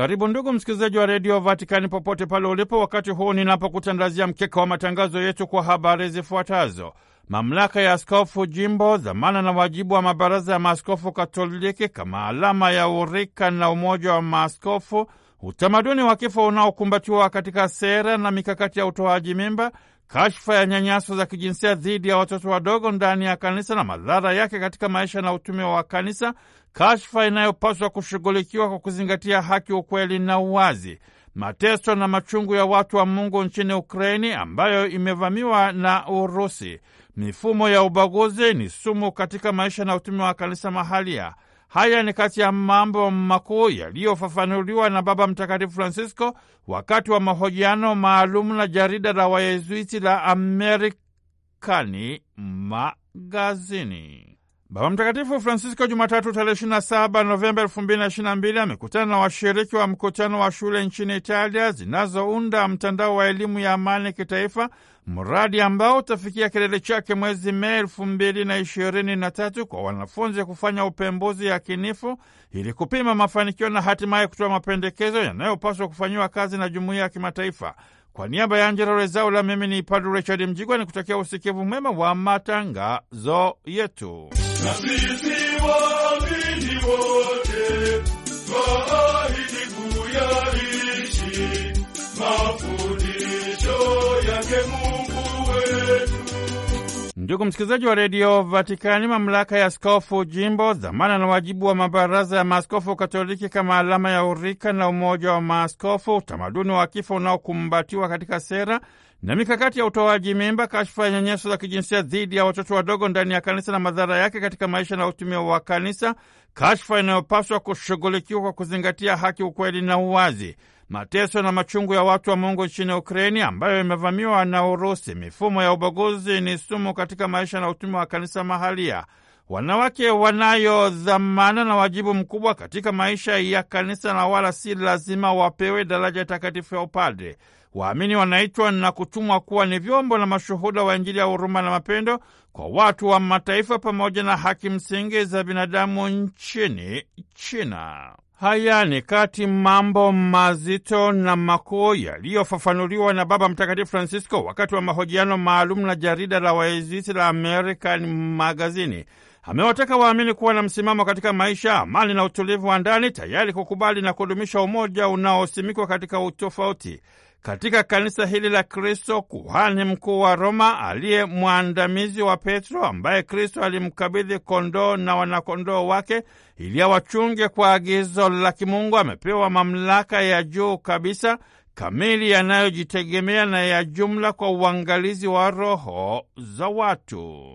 Karibu ndugu msikilizaji wa redio Vatikani popote pale ulipo, wakati huu ninapokutandazia mkeka wa matangazo yetu kwa habari zifuatazo: mamlaka ya askofu jimbo, dhamana na wajibu wa mabaraza ya maaskofu Katoliki kama alama ya urika na umoja wa maaskofu, utamaduni wa kifo unaokumbatiwa katika sera na mikakati ya utoaji mimba kashfa ya nyanyaso za kijinsia dhidi ya watoto wadogo ndani ya kanisa na madhara yake katika maisha na utume wa kanisa, kashfa inayopaswa kushughulikiwa kwa kuzingatia haki, ukweli na uwazi. Mateso na machungu ya watu wa Mungu nchini Ukraini ambayo imevamiwa na Urusi. Mifumo ya ubaguzi ni sumu katika maisha na utume wa kanisa mahalia. Haya ni kati ya mambo makuu yaliyofafanuliwa na Baba Mtakatifu Francisco wakati wa mahojiano maalum na jarida la Wayezuiti la Amerikani Magazini. Baba Mtakatifu Francisco Jumatatu tarehe 27 Novemba 2022 amekutana na washiriki wa mkutano wa shule nchini Italia zinazounda mtandao wa elimu ya amani kitaifa mradi ambao utafikia kilele chake mwezi Mei elfu mbili na ishirini na tatu kwa wanafunzi kufanya upembuzi yakinifu ili kupima mafanikio na hatimaye kutoa mapendekezo yanayopaswa kufanyiwa kazi na jumuiya ya kimataifa. Kwa niaba ya Angela Rezaula, mimi ni Padre Richard Mjigwa ni kutakia usikivu mwema wa matangazo yetu. Ndugu msikilizaji wa redio Vatikani, mamlaka ya askofu jimbo, dhamana na wajibu wa mabaraza ya maaskofu Katoliki kama alama ya urika na umoja wa maaskofu, utamaduni wa kifo unaokumbatiwa katika sera na mikakati ya utoaji mimba, kashfa ya nyanyaso za kijinsia dhidi ya watoto wadogo ndani ya kanisa na madhara yake katika maisha na utumia wa kanisa, kashfa inayopaswa kushughulikiwa kwa kuzingatia haki, ukweli na uwazi mateso na machungu ya watu wa Mungu nchini Ukraini ambayo imevamiwa na Urusi. Mifumo ya ubaguzi ni sumu katika maisha na utumi wa kanisa mahalia. Wanawake wanayo dhamana na wajibu mkubwa katika maisha ya kanisa na wala si lazima wapewe daraja takatifu ya upadre. Waamini wanaitwa na kutumwa kuwa ni vyombo na mashuhuda wa Injili ya huruma na mapendo kwa watu wa mataifa pamoja na haki msingi za binadamu nchini China. Haya ni kati mambo mazito na makuu yaliyofafanuliwa na Baba Mtakatifu Francisco wakati wa mahojiano maalum na jarida la Waeziti la American Magazini. Amewataka waamini kuwa na msimamo katika maisha, amani na utulivu wa ndani, tayari kukubali na kudumisha umoja unaosimikwa katika utofauti. Katika kanisa hili la Kristo, kuhani mkuu wa Roma aliye mwandamizi wa Petro, ambaye Kristo alimkabidhi kondoo na wanakondoo wake ili awachunge kwa agizo la kimungu, amepewa mamlaka ya juu kabisa kamili yanayojitegemea na ya jumla kwa uangalizi wa roho za watu.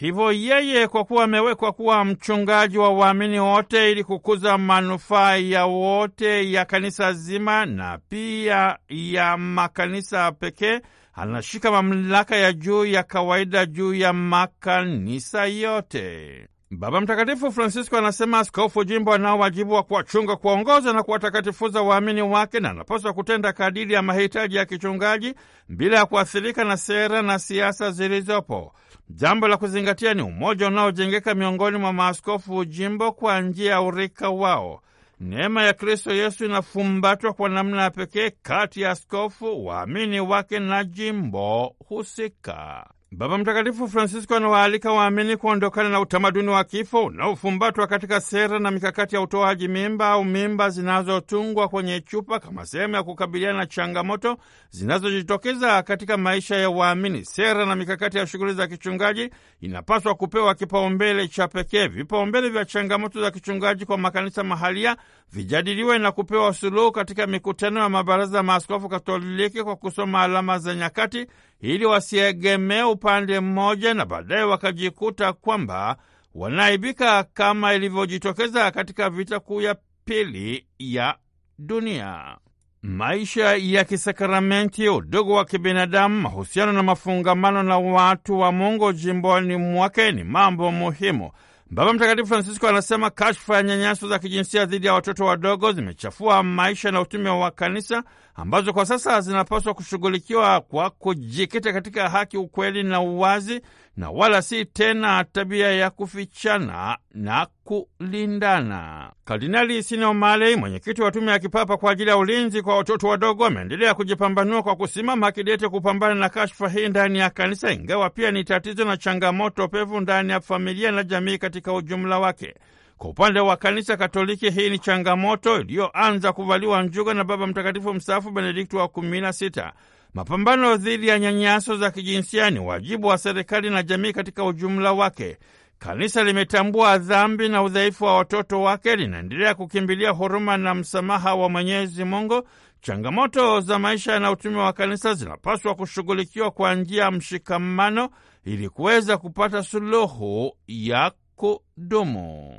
Hivyo yeye kwa kuwa amewekwa kuwa mchungaji wa waamini wote ili kukuza manufaa ya wote ya kanisa zima na pia ya makanisa pekee, anashika mamlaka ya juu ya kawaida juu ya makanisa yote. Baba Mtakatifu Francisco anasema askofu jimbo anao wajibu wa kuwachunga, kuwaongoza na kuwatakatifuza waamini wake, na anapaswa kutenda kadiri ya mahitaji ya kichungaji bila ya kuathirika na sera na siasa zilizopo. Jambo la kuzingatia ni umoja unaojengeka miongoni mwa maaskofu jimbo kwa njia ya urika wao. Neema ya Kristo Yesu inafumbatwa kwa namna ya pekee kati ya askofu, waamini wake na jimbo husika. Baba Mtakatifu Francisco anawaalika waamini kuondokana na utamaduni wa kifo unaofumbatwa katika sera na mikakati ya utoaji mimba au mimba zinazotungwa kwenye chupa kama sehemu ya kukabiliana na changamoto zinazojitokeza katika maisha ya waamini. Sera na mikakati ya shughuli za kichungaji inapaswa kupewa kipaumbele cha pekee. Vipaumbele vya changamoto za kichungaji kwa makanisa mahalia vijadiliwe na kupewa suluhu katika mikutano ya mabaraza ya maaskofu Katoliki kwa kusoma alama za nyakati ili wasiegemee upande mmoja na baadaye wakajikuta kwamba wanaibika kama ilivyojitokeza katika vita kuu ya pili ya dunia. Maisha ya kisakramenti, udugu wa kibinadamu, mahusiano na mafungamano na watu wa Mungu jimboni mwake ni mambo muhimu. Baba Mtakatifu Francisco anasema kashfa ya nyanyaso za kijinsia dhidi ya watoto wadogo zimechafua maisha na utume wa kanisa ambazo kwa sasa zinapaswa kushughulikiwa kwa kujikita katika haki, ukweli na uwazi, na wala si tena tabia ya kufichana na kulindana. Kardinali Sino Maley, mwenyekiti wa tume ya kipapa kwa ajili ya ulinzi kwa watoto wadogo, ameendelea kujipambanua kwa kusimama kidete kupambana na kashfa hii ndani ya kanisa, ingawa pia ni tatizo na changamoto pevu ndani ya familia na jamii katika ujumla wake. Kwa upande wa kanisa Katoliki, hii ni changamoto iliyoanza kuvaliwa njuga na Baba Mtakatifu mstaafu Benedikto wa kumi na sita. Mapambano dhidi ya nyanyaso za kijinsia ni wajibu wa serikali na jamii katika ujumla wake. Kanisa limetambua dhambi na udhaifu wa watoto wake, linaendelea kukimbilia huruma na msamaha wa Mwenyezi Mungu. Changamoto za maisha na utume wa kanisa zinapaswa kushughulikiwa kwa njia ya mshikamano ili kuweza kupata suluhu ya kudumu.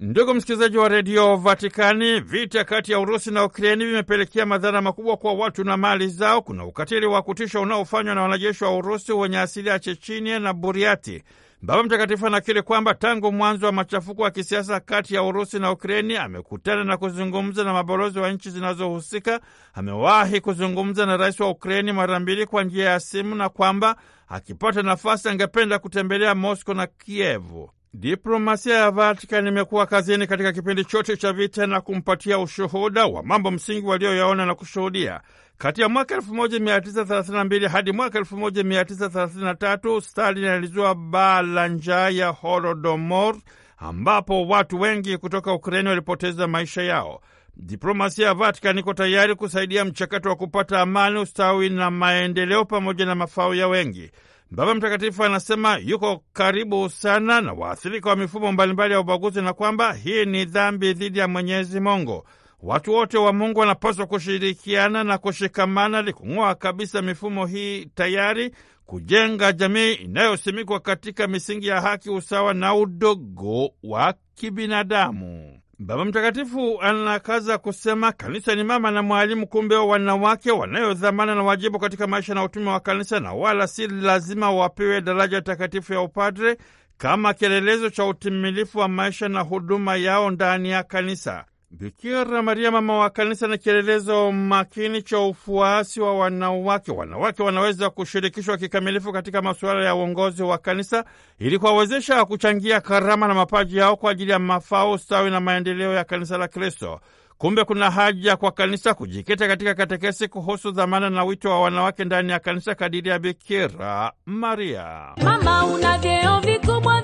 Ndugu msikilizaji wa redio Vatikani, vita kati ya Urusi na Ukreni vimepelekea madhara makubwa kwa watu na mali zao. Kuna ukatili wa kutisha unaofanywa na wanajeshi wa Urusi wenye asili ya Chechinia na Buriati Baba Mtakatifu anakiri kwamba tangu mwanzo wa machafuko ya kisiasa kati ya Urusi na Ukraini amekutana na kuzungumza na mabalozi wa nchi zinazohusika. Amewahi kuzungumza na rais wa Ukraini mara mbili kwa njia ya simu, na kwamba akipata nafasi angependa kutembelea Moscow na Kievu. Diplomasia ya Vatikani imekuwa kazini katika kipindi chote cha vita na kumpatia ushuhuda wa mambo msingi walioyaona na kushuhudia. Kati ya mwaka 1932 hadi mwaka 1933 Stalin alizua baa la njaa ya Holodomor ambapo watu wengi kutoka Ukraini walipoteza maisha yao. Diplomasia ya Vatikani iko tayari kusaidia mchakato wa kupata amani, ustawi na maendeleo pamoja na mafao ya wengi. Baba Mtakatifu anasema yuko karibu sana na waathirika wa mifumo mbalimbali ya ubaguzi na kwamba hii ni dhambi dhidi ya Mwenyezi Mungu. Watu wote wa Mungu wanapaswa kushirikiana na kushikamana ili kung'oa kabisa mifumo hii tayari kujenga jamii inayosimikwa katika misingi ya haki, usawa na udogo wa kibinadamu. Baba Mtakatifu anakaza kusema kanisa ni mama na mwalimu, kumbe wanawake wanayodhamana na wajibu katika maisha na utume wa kanisa, na wala si lazima wapewe daraja takatifu ya upadre kama kielelezo cha utimilifu wa maisha na huduma yao ndani ya kanisa. Bikira Maria mama wa kanisa ni kielelezo makini cha ufuasi wa wanawake. Wanawake wanaweza kushirikishwa kikamilifu katika masuala ya uongozi wa kanisa ili kuwawezesha kuchangia karama na mapaji yao kwa ajili ya mafao, ustawi na maendeleo ya kanisa la Kristo. Kumbe kuna haja kwa kanisa kujikita katika katekesi kuhusu dhamana na wito wa wanawake ndani ya kanisa kadiri ya Bikira Maria mama una vyeo vikubwa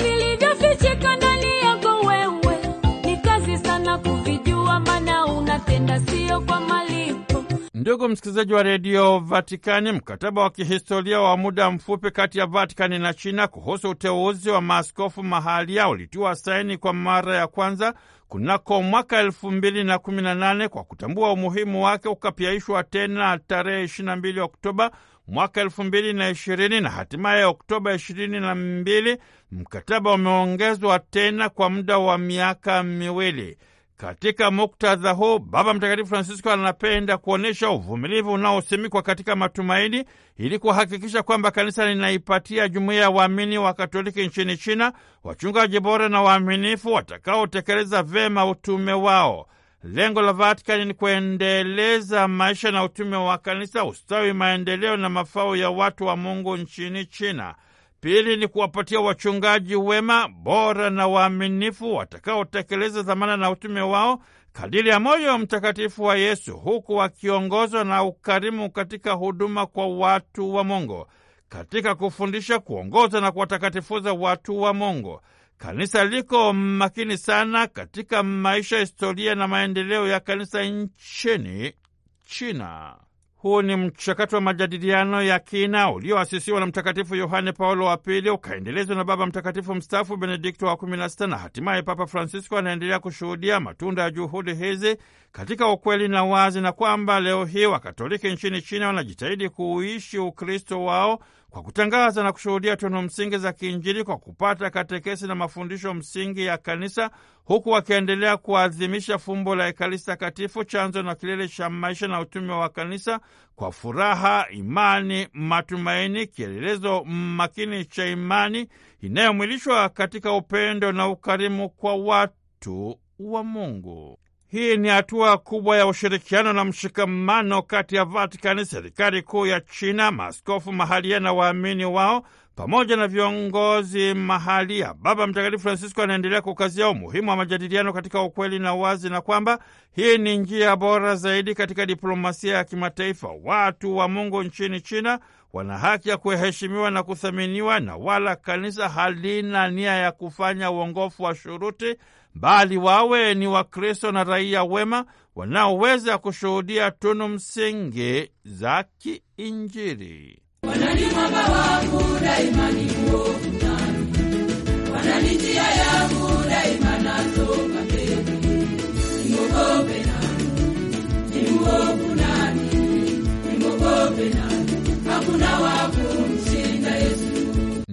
kupenda sio kwa malipo. Ndugu msikilizaji wa redio Vatikani, mkataba wa kihistoria wa muda mfupi kati ya Vatikani na China kuhusu uteuzi wa maaskofu mahalia ulitiwa saini kwa mara ya kwanza kunako mwaka elfu mbili na kumi na nane. Kwa kutambua umuhimu wake, ukapiaishwa tena tarehe 22 Oktoba mwaka elfu mbili na ishirini na hatimaye Oktoba ishirini na mbili mkataba umeongezwa tena kwa muda wa miaka miwili. Katika muktadha huu, Baba Mtakatifu Francisco anapenda kuonyesha uvumilivu unaosimikwa katika matumaini ili kuhakikisha kwamba kanisa linaipatia jumuiya ya waamini wa Katoliki nchini China wachungaji bora na waaminifu watakaotekeleza vema utume wao. Lengo la Vatikani ni kuendeleza maisha na utume wa kanisa, ustawi, maendeleo na mafao ya watu wa Mungu nchini China. Pili ni kuwapatia wachungaji wema bora na waaminifu watakaotekeleza dhamana na utume wao kadiri ya moyo mtakatifu wa Yesu, huku wakiongozwa na ukarimu katika huduma kwa watu wa Mungu, katika kufundisha, kuongoza na kuwatakatifuza watu wa Mungu. Kanisa liko makini sana katika maisha, historia na maendeleo ya kanisa nchini China. Huu ni mchakato wa majadiliano ya kina ulioasisiwa na Mtakatifu Yohane Paulo wa Pili, ukaendelezwa na Baba Mtakatifu mstaafu Benedikto wa 16 na hatimaye Papa Francisco anaendelea kushuhudia matunda ya juhudi hizi katika ukweli na wazi, na kwamba leo hii Wakatoliki nchini China wanajitahidi kuuishi Ukristo wao kwa kutangaza na kushuhudia tunu msingi za kiinjili kwa kupata katekesi na mafundisho msingi ya kanisa, huku wakiendelea kuadhimisha fumbo la Ekaristi Takatifu, chanzo na kilele cha maisha na utume wa kanisa, kwa furaha, imani, matumaini, kielelezo makini cha imani inayomwilishwa katika upendo na ukarimu kwa watu wa Mungu. Hii ni hatua kubwa ya ushirikiano na mshikamano kati ya Vatikani, serikali kuu ya China, maaskofu mahalia na waamini wao pamoja na viongozi mahalia. Baba Mtakatifu Francisco anaendelea kukazia umuhimu wa majadiliano katika ukweli na wazi, na kwamba hii ni njia bora zaidi katika diplomasia ya kimataifa. Watu wa Mungu nchini China wana haki ya kuheshimiwa na kuthaminiwa, na wala kanisa halina nia ya kufanya uongofu wa shuruti, bali wawe ni Wakristo na raia wema wanaoweza kushuhudia tunu msingi za kiinjili.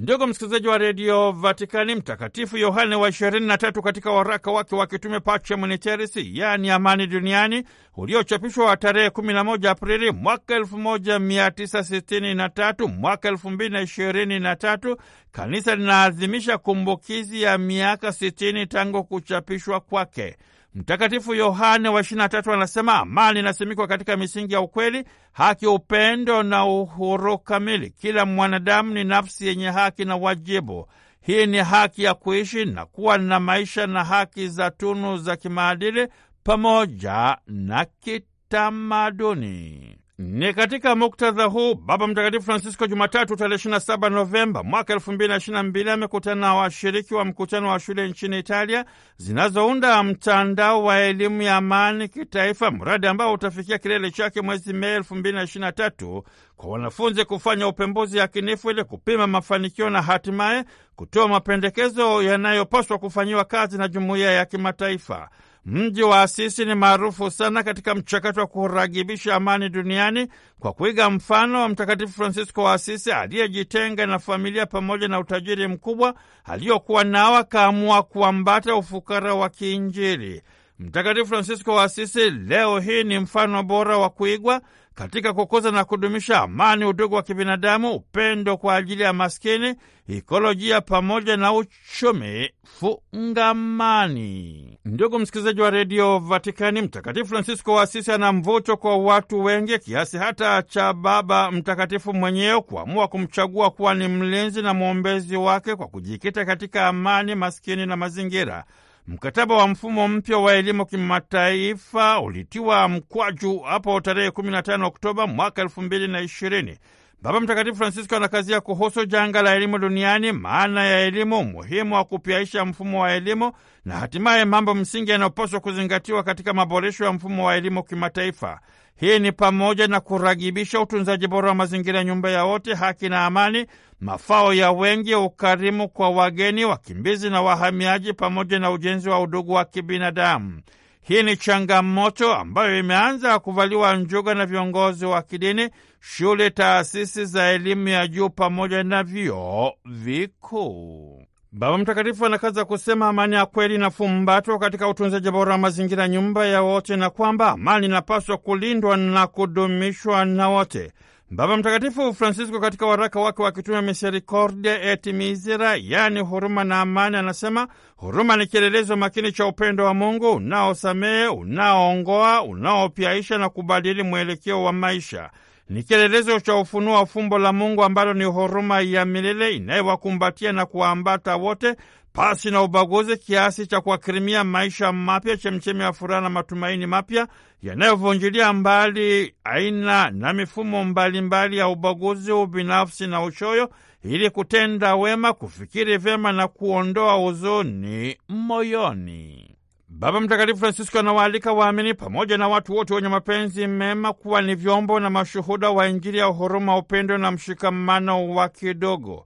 Ndugu msikilizaji wa redio Vatikani, Mtakatifu Yohane wa 23 katika waraka wake wa kitume Pacem in Terris, yaani amani duniani, uliochapishwa wa tarehe 11 Aprili mwaka 1963 mwaka 2023, kanisa linaadhimisha kumbukizi ya miaka 60 tangu kuchapishwa kwake. Mtakatifu Yohane wa 23 anasema amani inasimikwa katika misingi ya ukweli, haki, upendo na uhuru kamili. Kila mwanadamu ni nafsi yenye haki na wajibu. Hii ni haki ya kuishi na kuwa na maisha na haki za tunu za kimaadili pamoja na kitamaduni. Ni katika muktadha huu Baba Mtakatifu Francisco Jumatatu tarehe 27 Novemba mwaka 2022 amekutana na washiriki wa mkutano wa shule nchini Italia zinazounda mtandao wa elimu ya amani kitaifa, mradi ambao utafikia kilele chake mwezi Mei 2023 kwa wanafunzi kufanya upembuzi yakinifu ili kupima mafanikio na hatimaye kutoa mapendekezo yanayopaswa kufanyiwa kazi na jumuiya ya kimataifa. Mji wa Asisi ni maarufu sana katika mchakato wa kuragibisha amani duniani kwa kuiga mfano wa Mtakatifu francisco wa Asisi aliyejitenga na familia pamoja na utajiri mkubwa aliyokuwa nao, akaamua kuambata ufukara wa kiinjili. Mtakatifu francisco wa Asisi leo hii ni mfano bora wa kuigwa katika kukuza na kudumisha amani, udugu wa kibinadamu, upendo kwa ajili ya maskini, ikolojia pamoja na uchumi fungamani. Ndugu msikilizaji wa redio Vatikani, Mtakatifu Francisco wa Asisi ana mvuto kwa watu wengi kiasi hata cha Baba Mtakatifu mwenyewe kuamua kumchagua kuwa ni mlinzi na mwombezi wake kwa kujikita katika amani, maskini na mazingira. Mkataba wa mfumo mpya wa elimu kimataifa ulitiwa mkwaju hapo tarehe 15 Oktoba mwaka 2020. Baba Mtakatifu Francisco anakazia kuhusu janga la elimu duniani, maana ya elimu, umuhimu wa kupiaisha mfumo wa elimu na hatimaye mambo msingi yanayopaswa kuzingatiwa katika maboresho ya mfumo wa elimu kimataifa. Hii ni pamoja na kuragibisha utunzaji bora wa mazingira, nyumba ya wote, haki na amani, mafao ya wengi, ukarimu kwa wageni, wakimbizi na wahamiaji, pamoja na ujenzi wa udugu wa kibinadamu. Hii ni changamoto ambayo imeanza kuvaliwa njuga na viongozi wa kidini, shule, taasisi za elimu ya juu pamoja na vyuo vikuu. Baba Mtakatifu anakaza kusema amani ya kweli inafumbatwa katika utunzaji bora wa mazingira, nyumba ya wote, na kwamba amani inapaswa kulindwa na kudumishwa na wote. Baba Mtakatifu Francisco katika waraka wake wa kitume Misericordia et Misera, yaani huruma na amani, anasema huruma ni kielelezo makini cha upendo wa Mungu unaosamehe, unaoongoa, unaopyaisha na kubadili mwelekeo wa maisha ni kielelezo cha ufunuo wa fumbo la Mungu ambalo ni huruma ya milele inayewakumbatia na kuwaambata wote pasi na ubaguzi, kiasi cha kuwakirimia maisha mapya, chemchemi ya furaha na matumaini mapya yanayovunjilia mbali aina na mifumo mbalimbali mbali ya ubaguzi, ubinafsi na uchoyo, ili kutenda wema, kufikiri vyema na kuondoa huzuni moyoni. Baba Mtakatifu Francisco anawaalika waamini pamoja na watu wote wenye mapenzi mema kuwa ni vyombo na mashuhuda wa Injili ya huruma, upendo na mshikamano wa kidogo.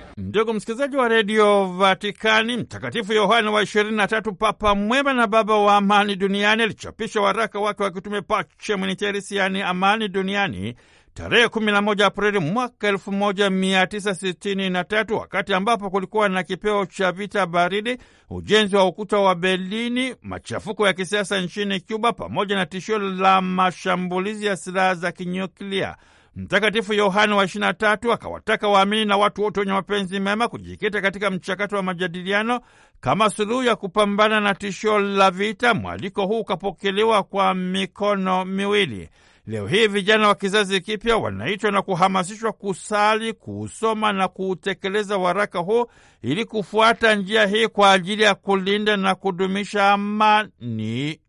Ndugu msikilizaji wa redio Vatikani, Mtakatifu Yohane wa 23, Papa mwema na baba wa amani duniani, alichapisha waraka wake wa kitume Pache Militaris, yaani amani duniani, tarehe 11 Aprili mwaka 1963, wakati ambapo kulikuwa na kipeo cha vita baridi, ujenzi wa ukuta wa Berlini, machafuko ya kisiasa nchini Cuba, pamoja na tishio la mashambulizi ya silaha za kinyuklia. Mtakatifu Yohane wa 23 akawataka waamini na watu wote wenye mapenzi mema kujikita katika mchakato wa majadiliano kama suluhu ya kupambana na tishio la vita. Mwaliko huu ukapokelewa kwa mikono miwili. Leo hii vijana wa kizazi kipya wanaitwa na kuhamasishwa kusali, kuusoma na kuutekeleza waraka huu ili kufuata njia hii kwa ajili ya kulinda na kudumisha amani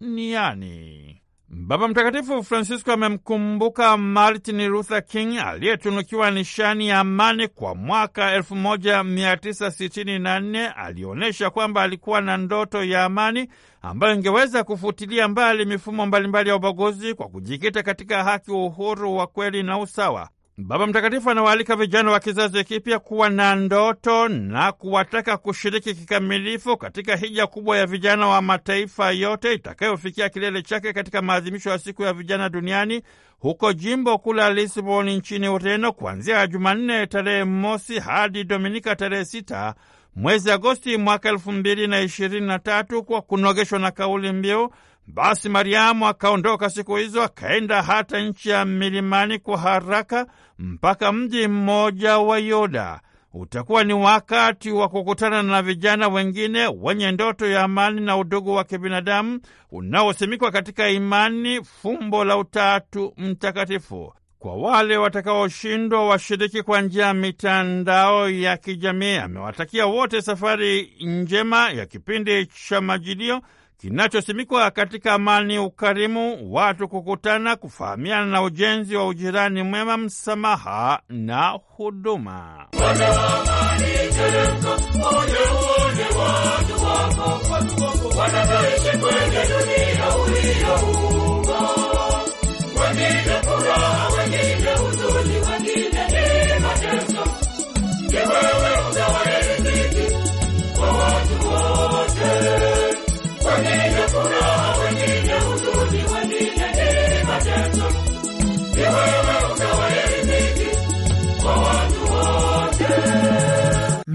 duniani. Baba Mtakatifu Francisco amemkumbuka Martin Luther King aliyetunukiwa nishani ya amani kwa mwaka 1964. Alionyesha kwamba alikuwa na ndoto ya amani ambayo ingeweza kufutilia mbali mifumo mbalimbali ya ubaguzi kwa kujikita katika haki, uhuru wa kweli na usawa. Baba Mtakatifu anawaalika vijana wa kizazi kipya kuwa na ndoto na kuwataka kushiriki kikamilifu katika hija kubwa ya vijana wa mataifa yote itakayofikia kilele chake katika maadhimisho ya siku ya vijana duniani huko jimbo kuu la Lisboni nchini Ureno, kuanzia Jumanne tarehe mosi hadi Dominika tarehe sita mwezi Agosti mwaka elfu mbili na ishirini na tatu, kwa kunogeshwa na kauli mbiu basi Mariamu akaondoka siku hizo akaenda hata nchi ya milimani kwa haraka mpaka mji mmoja wa yuda Utakuwa ni wakati wa kukutana na vijana wengine wenye ndoto ya amani na udugu wa kibinadamu unaosimikwa katika imani, fumbo la Utatu Mtakatifu. Kwa wale watakaoshindwa washiriki kwa njia ya mitandao ya kijamii. Amewatakia wote safari njema ya kipindi cha Majilio kinachosimikwa katika amani, ukarimu, watu kukutana, kufahamiana na ujenzi wa ujirani mwema, msamaha na huduma.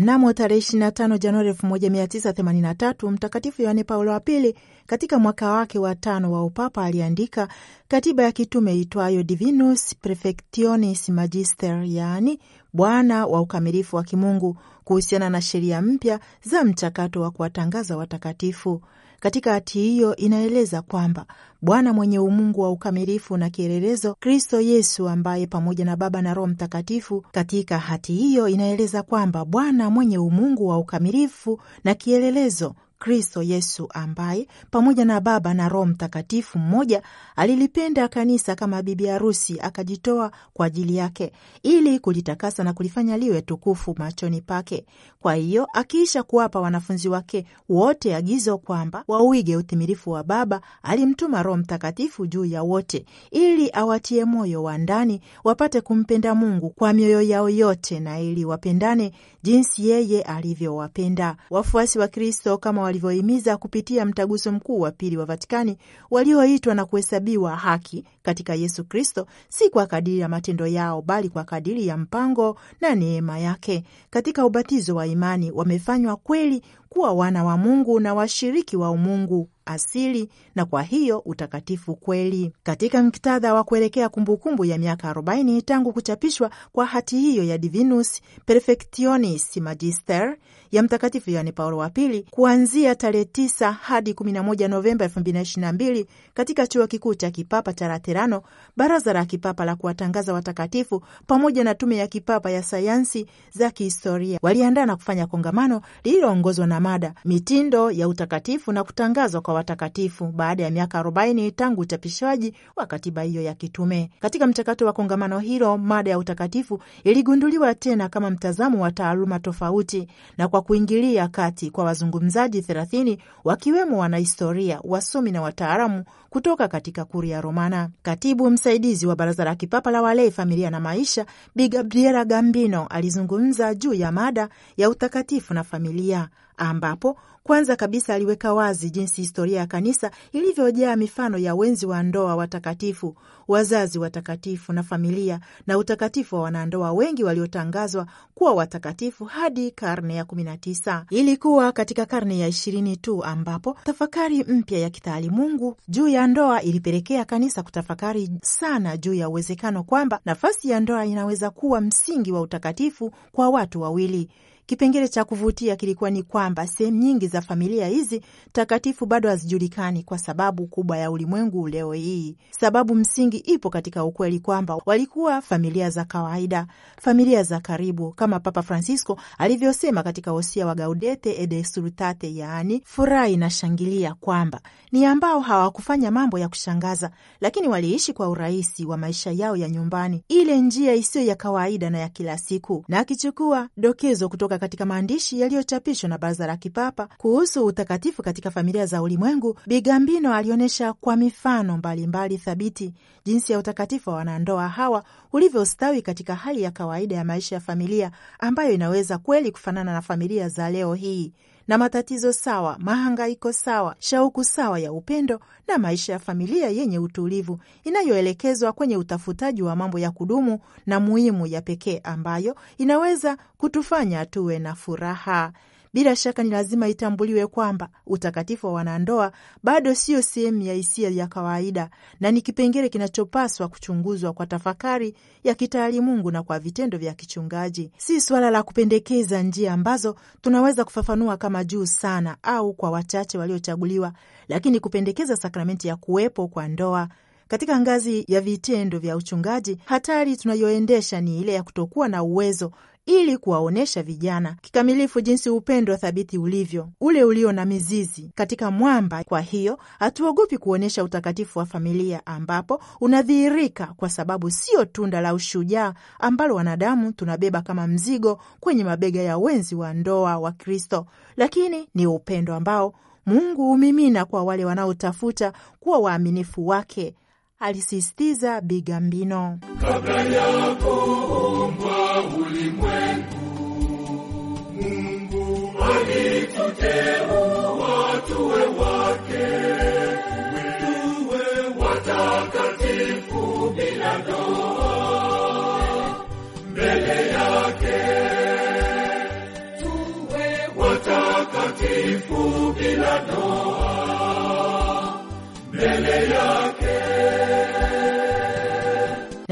Mnamo tarehe 25 Januari 1983 Mtakatifu Yohane Paulo wa Pili, katika mwaka wake wa tano wa upapa, aliandika katiba ya kitume itwayo Divinus Perfectionis Magister, yaani Bwana wa ukamilifu wa kimungu, kuhusiana na sheria mpya za mchakato wa kuwatangaza watakatifu. Katika hati hiyo inaeleza kwamba Bwana mwenye umungu wa ukamilifu na kielelezo, Kristo Yesu ambaye pamoja na Baba na Roho Mtakatifu. Katika hati hiyo inaeleza kwamba Bwana mwenye umungu wa ukamilifu na kielelezo Kristo Yesu ambaye pamoja na Baba na Roho Mtakatifu mmoja alilipenda kanisa kama bibi harusi akajitoa kwa ajili yake ili kulitakasa na kulifanya liwe tukufu machoni pake. Kwa hiyo akiisha kuwapa wanafunzi wake wote agizo kwamba wauige utimilifu wa Baba, alimtuma Roho Mtakatifu juu ya wote ili awatie moyo wa ndani wapate kumpenda Mungu kwa mioyo yao yote na ili wapendane jinsi yeye alivyowapenda. Wafuasi wa Kristo kama walivyohimiza kupitia mtaguso mkuu wa pili wa Vatikani, walioitwa na kuhesabiwa haki katika Yesu Kristo, si kwa kadiri ya matendo yao, bali kwa kadiri ya mpango na neema yake. Katika ubatizo wa imani wamefanywa kweli kuwa wana wa Mungu na washiriki wa umungu asili na kwa hiyo utakatifu kweli. Katika mktadha wa kuelekea kumbukumbu ya miaka 40 tangu kuchapishwa kwa hati hiyo ya Divinus Perfectionis Magister ya Mtakatifu Yohane Paulo wa Pili kuanzia tarehe 9 hadi 11 Novemba 2022 katika Chuo Kikuu cha Kipapa cha Laterano, Baraza la Kipapa la Kuwatangaza Watakatifu pamoja na Tume ya Kipapa ya Sayansi za Kihistoria waliandaa na kufanya kongamano lililoongozwa na mada mitindo ya utakatifu na kutangazwa kwa kwa watakatifu baada ya miaka arobaini tangu uchapishwaji wa katiba hiyo ya kitume. Katika mchakato wa kongamano hilo, mada ya utakatifu iligunduliwa tena kama mtazamo wa taaluma tofauti na kwa kuingilia kati kwa wazungumzaji thelathini wakiwemo wanahistoria, wasomi na wataalamu kutoka katika Kuria Romana. Katibu msaidizi wa Baraza la Kipapa la Walei, Familia na Maisha, Bi Gabriela Gambino alizungumza juu ya mada ya utakatifu na familia ambapo kwanza kabisa aliweka wazi jinsi historia ya kanisa ilivyojaa mifano ya wenzi wa ndoa watakatifu, wazazi watakatifu na familia, na utakatifu wa wanandoa wengi waliotangazwa kuwa watakatifu hadi karne ya 19. Ilikuwa katika karne ya ishirini tu ambapo tafakari mpya ya kitaalimungu juu ya ndoa ilipelekea kanisa kutafakari sana juu ya uwezekano kwamba nafasi ya ndoa inaweza kuwa msingi wa utakatifu kwa watu wawili Kipengele cha kuvutia kilikuwa ni kwamba sehemu nyingi za familia hizi takatifu bado hazijulikani kwa sababu kubwa ya ulimwengu leo hii. Sababu msingi ipo katika ukweli kwamba walikuwa familia za kawaida, familia za karibu, kama Papa Francisco alivyosema katika hosia wa Gaudete et yaani furahi na shangilia, kwamba ni ambao hawakufanya mambo ya kushangaza, lakini waliishi kwa urahisi wa maisha yao ya nyumbani, ile njia isiyo ya kawaida na ya kila siku. Na akichukua dokezo kutoka kutoka katika maandishi yaliyochapishwa na Baraza la Kipapa kuhusu utakatifu katika familia za ulimwengu, Bigambino alionyesha kwa mifano mbalimbali mbali thabiti jinsi ya utakatifu wa wanandoa hawa ulivyostawi katika hali ya kawaida ya maisha ya familia ambayo inaweza kweli kufanana na familia za leo hii na matatizo sawa, mahangaiko sawa, shauku sawa ya upendo na maisha ya familia yenye utulivu inayoelekezwa kwenye utafutaji wa mambo ya kudumu na muhimu ya pekee ambayo inaweza kutufanya tuwe na furaha. Bila shaka ni lazima itambuliwe kwamba utakatifu wa wanandoa bado siyo sehemu ya hisia ya kawaida na ni kipengele kinachopaswa kuchunguzwa kwa tafakari ya kitaalimungu na kwa vitendo vya kichungaji. Si suala la kupendekeza njia ambazo tunaweza kufafanua kama juu sana au kwa wachache waliochaguliwa, lakini kupendekeza sakramenti ya kuwepo kwa ndoa katika ngazi ya vitendo vya uchungaji, hatari tunayoendesha ni ile ya kutokuwa na uwezo ili kuwaonyesha vijana kikamilifu jinsi upendo wa thabiti ulivyo, ule ulio na mizizi katika mwamba. Kwa hiyo hatuogopi kuonyesha utakatifu wa familia, ambapo unadhihirika kwa sababu sio tunda la ushujaa ambalo wanadamu tunabeba kama mzigo kwenye mabega ya wenzi wa ndoa wa Kristo, lakini ni upendo ambao Mungu humimina kwa wale wanaotafuta kuwa waaminifu wake alisisitiza Bigambino Kabla ya kuhu.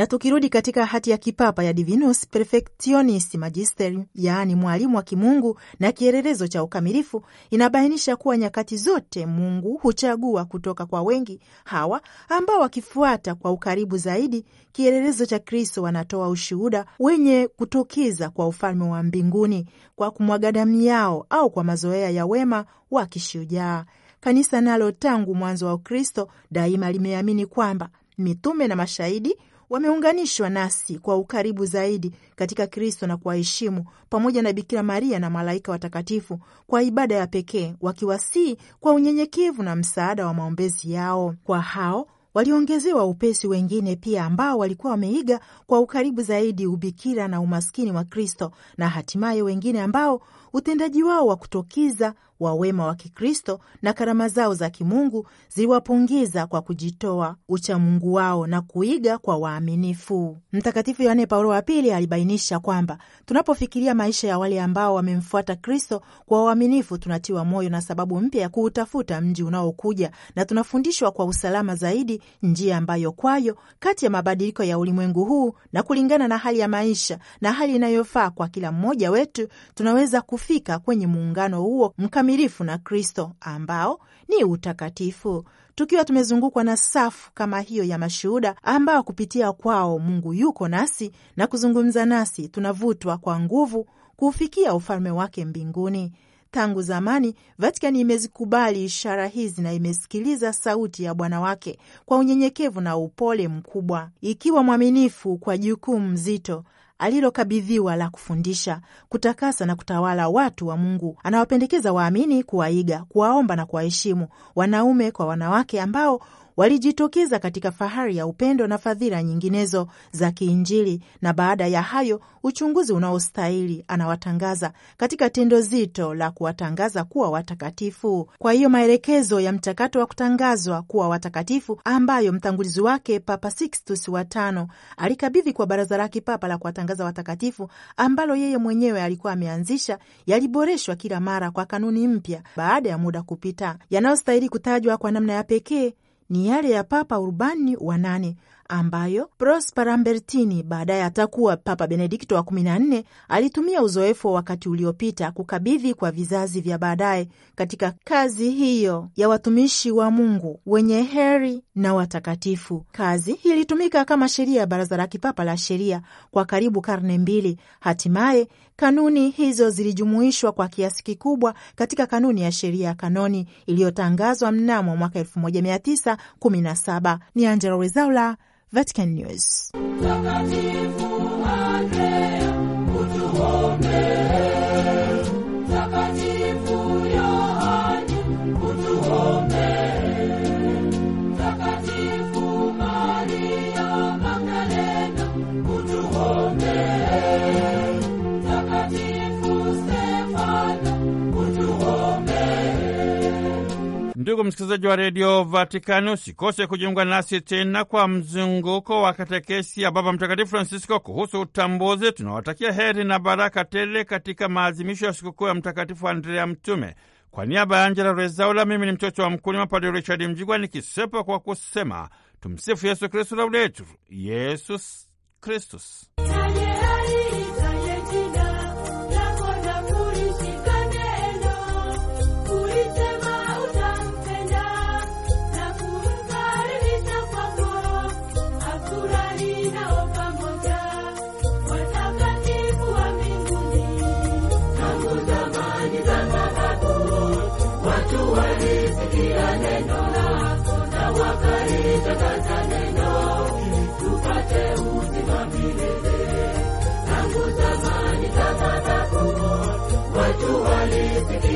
Na tukirudi katika hati ya kipapa ya Divinus Perfectionis Magister, yaani mwalimu wa kimungu na kielelezo cha ukamilifu, inabainisha kuwa nyakati zote Mungu huchagua kutoka kwa wengi hawa ambao wakifuata kwa ukaribu zaidi kielelezo cha Kristo wanatoa ushuhuda wenye kutokiza kwa ufalme wa mbinguni kwa kumwaga damu yao au kwa mazoea ya wema wa kishujaa. Kanisa nalo tangu mwanzo wa Ukristo daima limeamini kwamba mitume na mashahidi wameunganishwa nasi kwa ukaribu zaidi katika Kristo na kuwaheshimu pamoja na Bikira Maria na malaika watakatifu kwa ibada ya pekee, wakiwasii kwa unyenyekevu na msaada wa maombezi yao. Kwa hao waliongezewa upesi wengine pia ambao walikuwa wameiga kwa ukaribu zaidi ubikira na umaskini wa Kristo, na hatimaye wengine ambao utendaji wao wa kutokiza wa wema wa Kikristo na karama zao za kimungu ziliwapongeza kwa kujitoa uchamungu wao na kuiga kwa waaminifu. Mtakatifu Yohane Paulo wa Pili alibainisha kwamba tunapofikiria maisha ya wale ambao wamemfuata Kristo kwa uaminifu, tunatiwa moyo na sababu mpya ya kuutafuta mji unaokuja na tunafundishwa kwa usalama zaidi njia ambayo kwayo, kati ya mabadiliko ya ulimwengu huu na kulingana na hali ya maisha na hali inayofaa kwa kila mmoja wetu, tunaweza kufika kwenye muungano huo mkamilifu ukamilifu na Kristo ambao ni utakatifu, tukiwa tumezungukwa na safu kama hiyo ya mashuhuda ambao kupitia kwao Mungu yuko nasi na kuzungumza nasi, tunavutwa kwa nguvu kuufikia ufalme wake mbinguni. Tangu zamani Vatikani imezikubali ishara hizi na imesikiliza sauti ya Bwana wake kwa unyenyekevu na upole mkubwa, ikiwa mwaminifu kwa jukumu mzito alilokabidhiwa la kufundisha, kutakasa na kutawala watu wa Mungu. Anawapendekeza waamini kuwaiga, kuwaomba na kuwaheshimu wanaume kwa wanawake ambao walijitokeza katika fahari ya upendo na fadhila nyinginezo za kiinjili, na baada ya hayo uchunguzi unaostahili anawatangaza katika tendo zito la kuwatangaza kuwa watakatifu. Kwa hiyo maelekezo ya mchakato wa kutangazwa kuwa watakatifu ambayo mtangulizi wake Papa Sixtus wa tano alikabidhi kwa baraza la kipapa la kuwatangaza watakatifu ambalo yeye mwenyewe alikuwa ameanzisha yaliboreshwa kila mara kwa kanuni mpya baada ya muda kupita, yanayostahili kutajwa kwa namna ya pekee ni yale ya Papa Urbani wa nane ambayo Prospera Lambertini baadaye atakuwa Papa Benedikto wa 14 alitumia uzoefu wa wakati uliopita kukabidhi kwa vizazi vya baadaye katika kazi hiyo ya watumishi wa Mungu wenye heri na watakatifu. Kazi ilitumika kama sheria ya Baraza la Kipapa la Sheria kwa karibu karne mbili. Hatimaye Kanuni hizo zilijumuishwa kwa kiasi kikubwa katika kanuni ya sheria ya kanoni iliyotangazwa mnamo mwaka 1917. Ni Angela Rezaula, Vatican News. Ndugu msikilizaji wa redio Vatikani, usikose kujiunga nasi tena kwa mzunguko wa katekesi ya Baba Mtakatifu Francisco kuhusu utambuzi. Tunawatakia heri na baraka tele katika maadhimisho ya sikukuu ya Mtakatifu Andrea Mtume. Kwa niaba ya Angela Rezaula, mimi ni mtoto wa mkulima Padre Richard Mjigwa nikisepa kwa kusema tumsifu Yesu Kristu, laudetur Yesus Kristus.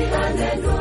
hallelujah.